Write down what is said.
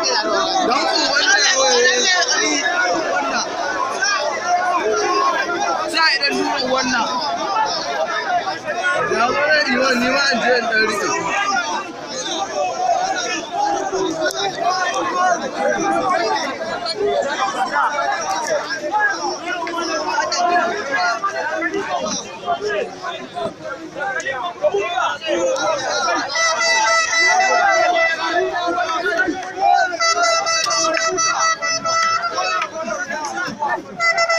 don wanda wani sa idan nuna wannan ya wani ma Thank you. no, no, no.